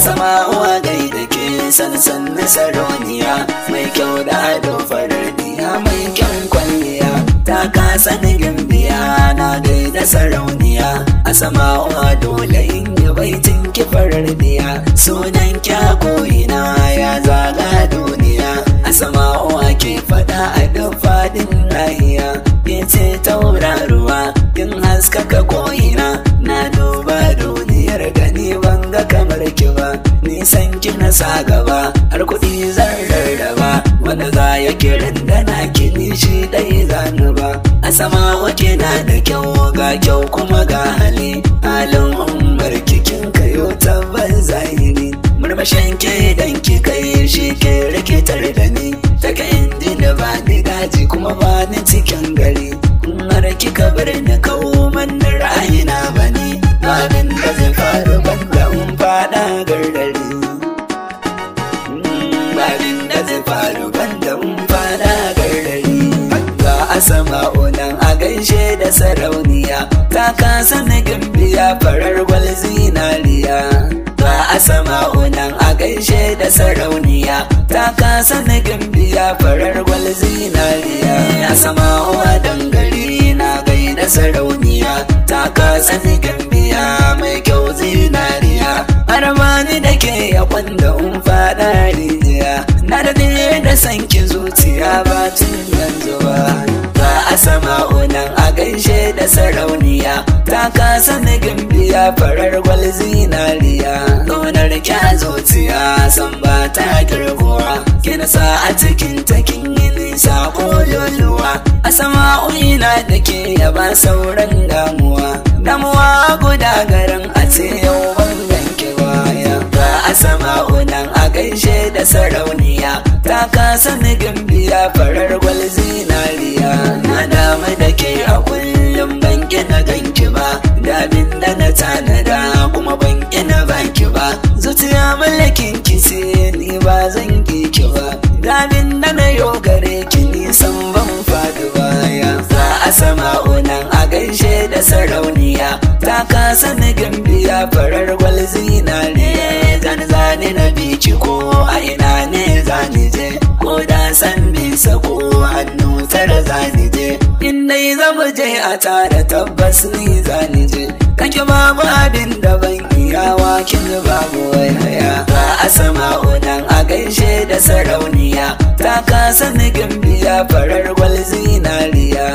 sama uwa gai da ke sansan na saroniya mai kyau da ado faradiya mai kyan kwalliya ta kasa na gambiya na gai da sarauniya a sama uwa dole in yi baitin ki faradiya sunan kya koyina ya zaga duniya a sama uwa ke fada a duk fadin rahiya ya ce tauraruwa yin haskaka kowa nisan kina sa gaba har kuɗi zan rarraba wanda za ya kiran da na kini shi ɗaya zanu ba a sama wake na da kyau ga kyau kuma ga hali halin umar kikin kayo ban zahiri murmashin ke dan ki kai shi ke rikitar da ni Ta kai inda ba ni gaji kuma ba ni cikin gari kuma kika bar ni kawo man ra'ayi sama'unan a gaishe da sarauniya ta kasa na gambiya farar gwal zinariya ba a sama'unan a gaishe da sarauniya ta kasa na gambiya farar gwal zinariya a sama'uwa dangari na gaida sarauniya ta kasa na gambiya mai kyau zinariya armani da ke ya kwanda un fada rijiya na da da sanki zuciya ba tun yanzu ba sama'u a gaishe da sarauniya ta kasa ni biya farar gwal zinariya ƙaunar kya zuciya san ba ta girgowa kina sa a cikin takin yi nisa koyoluwa a sama'una na da ke yaba sauran damuwa damuwa guda garin a ce yau ban yanke waya. a sama a gaishe da sarauniya ta kasa nigin na da kuma ban ina baki ba zuciya mallakin ki ni ba zan ki ki ba dadin da na yo gare ki nisan ban fadi baya za a sama unan a gaishe da sarauniya ta kasa na gambiya farar gwal zinariya zan zane na bici ko a ina ne zani je ko da san bisa ko hannu tara zani je in dai zama je a tare tabbas ni zani je kake mu abin da ban iyawa kin mu waya a sama odan a gaishe da sarauniya ta kasa nigin biya farar gwal zinariya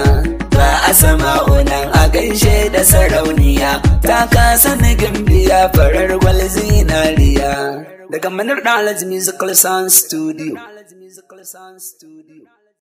a sama odan a gaishe da sarauniya ta kasa nigin biya farar gwal zinariya daga manar da alhaji musical sound studio